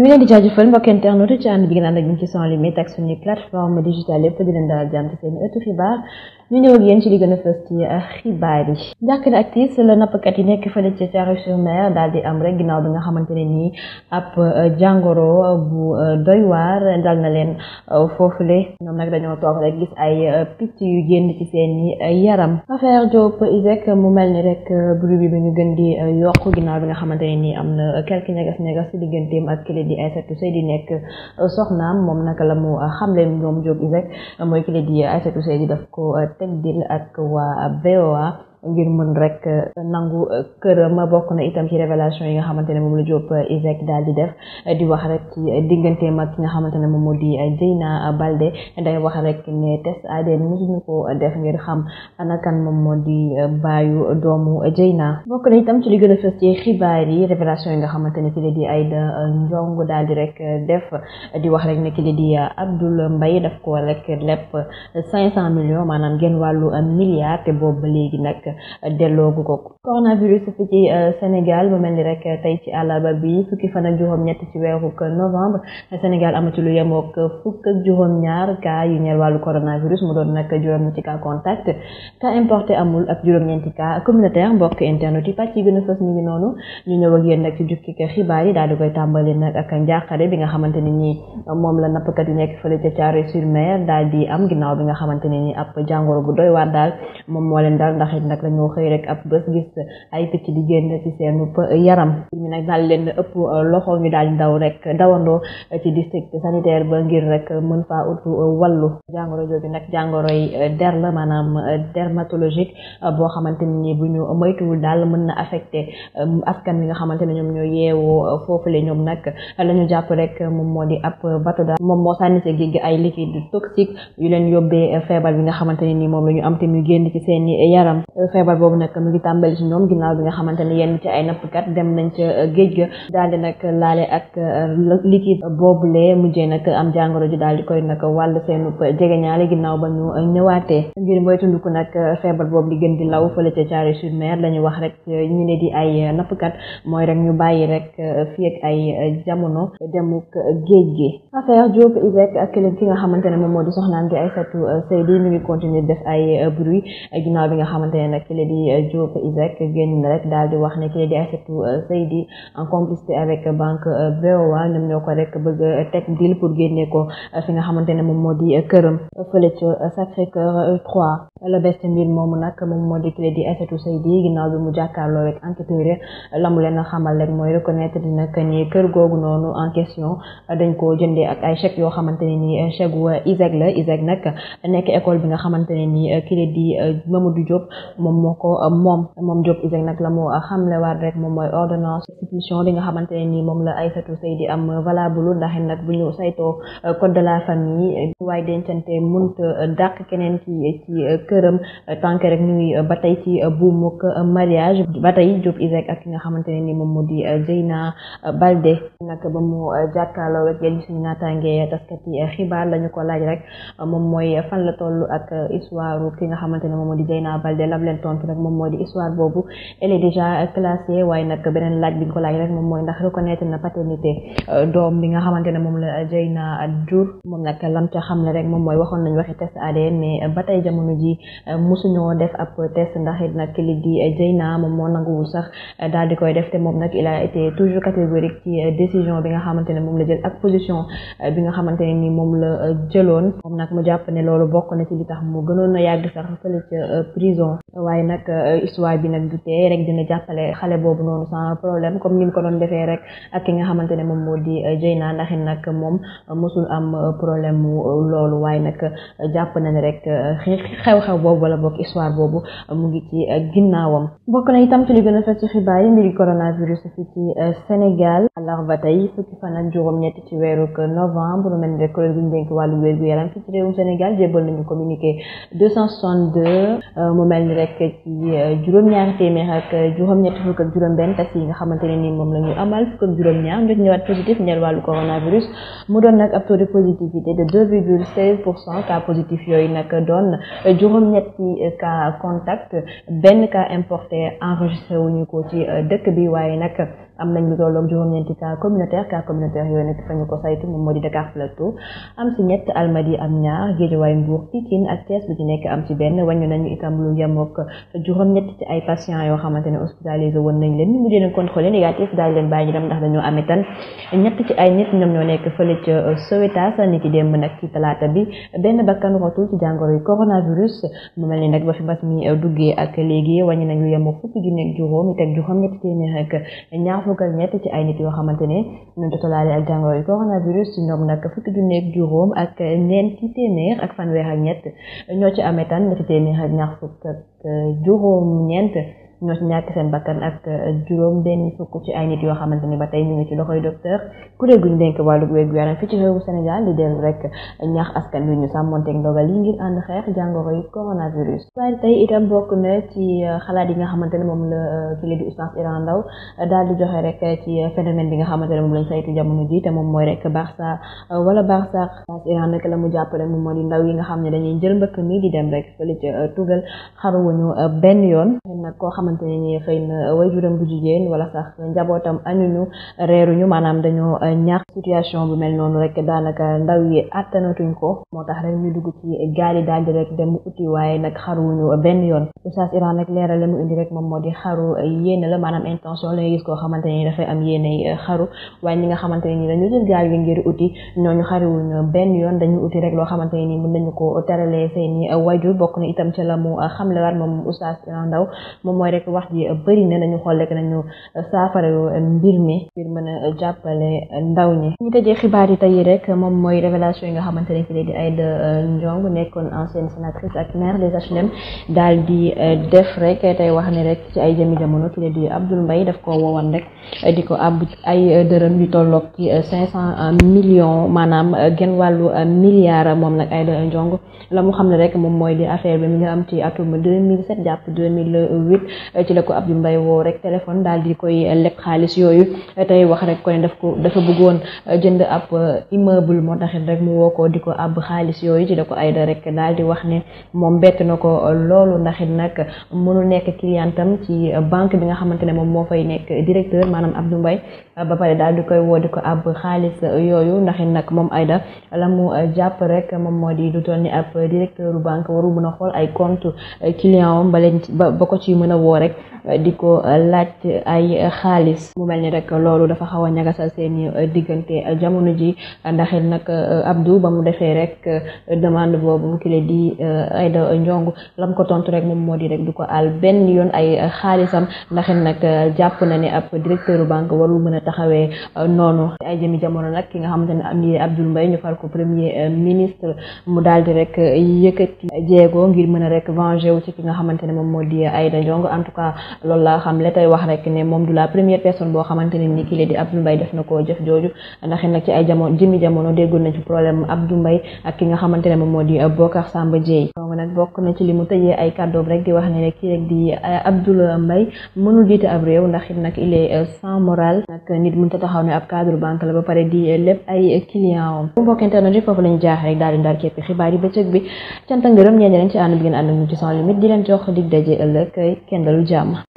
ñu leen di jaajëfal mbokk internet ci ànd bi ngeen ànd ak ñun di leen dalal jàmm ci seen ëttu xibaar ñu ñëw ak ci li gën a fës ci euh, xibaar yi njàkk ne ak tiis la nappkat yi nekk fële ci thiaroye sur daal di am rek ginnaaw bi nga xamante nii ab euh, jàngoro bu euh, doy dal na leen foofule ñoom nag dañoo toog rek gis ay picc yu génn ci seen i yaram affaire Diop Iseg mu mel ni rek bruit bi mu ngi gën di yokk ginnaaw bi nga xamante ne nii am na quelques ñagas di Aïssatou Seye di nekk euh, soxnaam moom naka la mu euh, xamle ñoom Diop a euh, mooy ki di Aïssatou Seye di daf ko teg dil ak waa VOA ngir mën rek euh, nangu euh, këram bokk na itam ci révélation yi nga xamante ne moom la Diop euh, Isaac daal di def di wax rek ci digganteem ak ki nga xamante ne moom moo di Dieyna Baldé day wax rek ne test ADN mosuñu ko def ngir xam ana kan moom moo di baayu doomu Dieyna bokk na itam ci li gën a ci xibaar yi révélation yi nga xamante ne ki la di ay Ndiongue daal di rek def di wax rek ne ki la di Abdoul mbay def ko rek lepp cinq cent millions maanaam genn wàllu milliard te boobu ba léegi nag delloogu ko coronavirus fi ci euh, Sénégal mu mel ni rek tey ci àllarba bi fukki fan ak juróom ñett ci weeru novembre Sénégal amati lu yemook fukk ak juróom ñaar cas yu ñeel wàllu coronavirus mu doon nag juróom ci contact cas importé amul a fës ñu ngi noonu ñu ci jukki xibaar daal di koy tàmbali bi nga xamante ni nii moom la nappkat yi nekk fële ca Thiaroye sur Mer daal di am ginnaaw bi nga xamante ne nii bu doy waar daal moom moo leen daal ndax it rek la ñoo xëy rek ab bés gis ay picc di génn ci seen yaram mbir mi nag daal leen ëpp euh, loxo ñu daal daw rek dawandoo ci district sanitaire ba ngir rek mën faa ut euh, wallu jàngoro jooju nag jàngoro yi euh, der la maanaam dermatologique boo xamante ni bu ñu moytuwul daal mën na affecté askan wi nga xamante ne ñoom ñoo yeewoo foofule ñoom nag la ñu jàpp rek moom moo di ab bato daal moom moo sànni sa géej gi ay liquide toxique yu leen yóbbee feebar bi nga xamante ne ni moom la ñu am te muy génn ci seen yaram feebar boobu nag mu ngi tàmbali si ñoom ginnaaw bi nga xamante ne yenn ci ay nappkat dem nañ ca uh, géej ga daal di nag laale ak uh, liquide boobulee mujjee nag am jàngoro ji daal di koy nag wàll seenu jegeñaale ginnaaw ba ñu uh, ñëwaatee ngir moytandiku nag feebar boobu di gën di law fële ca caare sur mer la ñu wax rek ñu ne di ay kat mooy rek ñu bàyyi rek fii ay jamono demuk géej gi affaire Diop ISEC ak ki nga xamante ne moom moo di soxnaam di Aïssatou Seydi mi ngi continuer def ay bruit ginnaaw bi nga xamante nag kii la di Diop euh, Isaac génn rek daal di wax ne kii la di Aïssatou euh, Seydi en complicité avec euh, ko rek bëgg a teg pour génne ko fi nga xamante ne moom moo di këram fële ca Sacré-Cœur 3 la beste mbir moo di kii la di Aïssatou Seydi ginnaaw bi mu jàkkaarloo rek la mu leen xamal rek mooy reconnaître dina que ni kër googu noonu en question dañ koo jëndee ak ay chèques yoo xamante ne ni chèque wu la Isaac nag nekk école bi nga xamante ne ni kii la di Mamadou moom moo ko euh, moom moom Diop ISEG nag la mu euh, xamlewaat rek moom mooy ordonnance substitution bi nga xamante ne nii moom la Aïssatou Seye di am valable ndax nag bu ñu saytoo euh, code de la famille waaye dencante mënut dàq keneen ci a këram tànk rek ba tey ci buumuk mariage ba tey Diop ISEG ak ki nga xamante ne nii moom moo di Zeyna Balde nag ba mu jàkkaarloo ak yéen suñu naataange taskati xibaar lañu ko laaj moom mooy fan la toll ak histoire nga xamante ne moom moo di Zeyna Balde lab leen leen tontu rek moom moo di histoire boobu elle est déjà classée waaye nag beneen laaj bi ñu ko laaj rek moom mooy ndax reconnaître na paternité euh, doom bi nga xamante ne moom la Dieyna jur moom nag lam ca xam ne rek moom mooy waxoon nañu waxi test ADN mais euh, ba tey jamono ji euh, mosuñoo def ab test ndax it nag li di Dieyna moom moo nanguwul sax daal di koy def te moom nag il a été toujours catégorique ci décision bi nga xamante ne moom la jël ak position bi nga xamante ne ni moom la jëloon moom nag mu jàpp ne loolu bokk na ci li tax mu gënoon na yàgg sax fële ca prison waaye nag euh, histoire bi nag du tee rek dina jàppale xale boobu noonu sans problème comme ni mu ko doon defee rek ak ki nga xamante ne moom moo di Dieyna euh, na it nag moom euh, mosul am problème mu loolu waaye nag jàpp na ne rek xew-xew boobu wala boog histoire boobu mu ngi ci ginnaawam. bokk na itam ci li gën a fës ci xibaar yi mbiri coronavirus fi ci Sénégal àllarba tey fukki fan ak juróom-ñetti ci weeru novembre mel ni rek kuréel gu ñu wàllu wér gu yaram fi ci réewum Sénégal rek ci euh, juróom-ñaari téeméer ak juróom ne ni moom la ñu amal fukk ak juróom-ñaar ñoo ñëwaat positif ñeel wàllu coronavirus mu doon nag ab taux de positivité de 2 virgule 16 pour cent juróom-ñetti euh, cas contact benn cas importé enregistré wuñu ko ci euh, dëkk bi waaye nag am nañ lu tolloog juróom-ñeenti cas communautaire cas communautaire yooyu nag fa ñu ko saytu moom moo di Dakar Plateau am si ñett Almadi am ñaar Guédiawaye Mbour Pikine ak Thiès bu ci nekk am ci benn wàññi nañu itam lu yemook fukk juróom-ñett ci ay patients yoo xamante ne hospitalisé woon nañ leen ñu mujjee leen contrôlé négatif daal leen bàyyi ñu dem ndax dañoo amee tan ñett ci ay nit ñoom ñoo nekk fële ca euh, Sowétas ni ki démb ci talaata bi benn bakkan rotul ci jàngoro coronavirus mu mel ni nag ba fi mbas mi euh, duggee ak léegi wàññi nañu yem fukki junni ak juróom ak ñaar fukk ak ci ay yoo xamante ne ñun totalaale ak jàngoro yi coronavirus ci ñoom nag fukki junni ak juróom ak ñeenti ak fanweer ak ñoo ci amee tan ñetti téeméer ak ñaar fukk juróom ñeent ñoo ci ñàkk seen bakkan ak euh, juróom benn fukk ci ay nit yoo xamante ni ba tey ñu ngi ci loxoy docteur kuréel gu ñu dénk wàllu wér gu yaram fii ci réewu Sénégal di dellu rek ñaax askan wi ñu sàmmoon sàmmonteeg ndogal yi ngir ànd xeex jàngoro yi coronavirus. waaye tey itam bokk na ci euh, xalaat yi nga xamante ne moom la euh, kii di Oustaz Iran Ndao daal di joxe rek ci phénomène bi nga xamante ne moom lañ saytu jamono ji te moom mooy rek Barça wala Barça Oustaz Iran nag la mu jàpp rek mu moo di ndaw yi nga xam ne dañuy jël mbëkk mi di dem rek fële tugal xaruwuñu benn yoon nag koo xam xamante ne ni xëy na euh, waajuram bu jigéen wala sax njabootam añuñu reeruñu maanaam dañoo euh, ñaax situation bu mel noonu rek daanaka ndaw yi àttanatuñ ko moo tax rek ñu dugg ci gaal yi daal di rek uti waaye nag xaruwuñu benn yoon Oustaz Iran rek leeral la mu indi rek moom moo di xaru euh, yéene la maanaam intention la gis koo xamante ne ni dafay am yéene xaru waaye ñi nga xamante ne ni dañu ngir uti ñooñu xaruwuñu benn yoon dañu uti rek loo xamante ne ni mën nañu ko teralee seeni waajur bokk na itam ci la xam xamle waat moom Oustaz Iran Ndao moom mooy rek wax ji bëri na nañu xool rek nañu saafara mbir mi ngir mën a jàppale ndaw ñi ñu tëjee xibaar yi tey rek moom mooy révélation yi nga xamante ne ki lay di Aïda Ndiongue nekkoon ancienne sénatrice ak maire des HLM daal di euh, def rek tey wax ni rek ci ay jëmi jamono ki lay di Abdoul Mbaye daf ko wowoon rek di ko ab ay dërëm yu tolloog ci cinq cent millions maanaam genn wàllu milliard moom nag Aïda Ndiongue la mu xam ne rek moom mooy di affaire bi mi nga am ci atum 2007 ci la ko Abdoul Mbaye woo rek téléphone daal di koy leb xaalis yooyu tey wax rek ko ne ko dafa bëggoon jënd ab uh, immeuble moo taxit rek mu woo ko di ko ab xaalis yooyu ci la ko Aïda rek daal di wax ne moom bett na ko loolu ndaxit nag mënu nekk clientam ci banque bi nga xamante ne moom moo fay nekk directeur maanaam Abdoul Mbaye uh, ba pare daal di koy woo di ko ab xaalis yooyu ndaxit nag moom Aïda la mu jàpp rek moom moo di du toll ni ab directeur banque warul mun a xool ay compte client am ba leen ba ko ci mën woo rek di ko laaj ay xaalis mu mel ni rek loolu dafa xaw a ñagasal seeni diggante jamono ji ndaxit nag Abdou ba mu defee rek demande boobu ki le di Aïda Ndiongue lam ko tontu rek moom moo di rek du ko àll benn yoon ay xaalisam ndaxit nag jàpp na ne ab directeur banque warul mën a taxawee noonu ay jëmi jamono nag ki nga xamante ne am ni Abdoul ñu far ko premier ministre mu daal di rek yëkkati jéego ngir mën a rek venger wu ci ki nga xamante ne moom moo di Aïda tout cas loolu laa xam la tey wax rek ne moom du la première personne boo xamante ne ni kii di Abdou Mbaye def na koo jëf jooju ndax nag ci ay jamono na ci problème Abdou euh, na ci mu tëjee ay kàddoom rek di wax ne rek kii rek di euh, Abdou Mbaye mënul jiite ab réew ndax nag il euh, sans morale nit mënut a taxaw ne ab cadre banque la ba pare di lépp ay client am mbokk internet yi foofu lañu jaax rek daal di ndar képpi xibaar yi bi canta ngërëm ñeen ñeneen ci ànd bi ngeen ànd ñu ci sans limite di leen jox dalu jàmm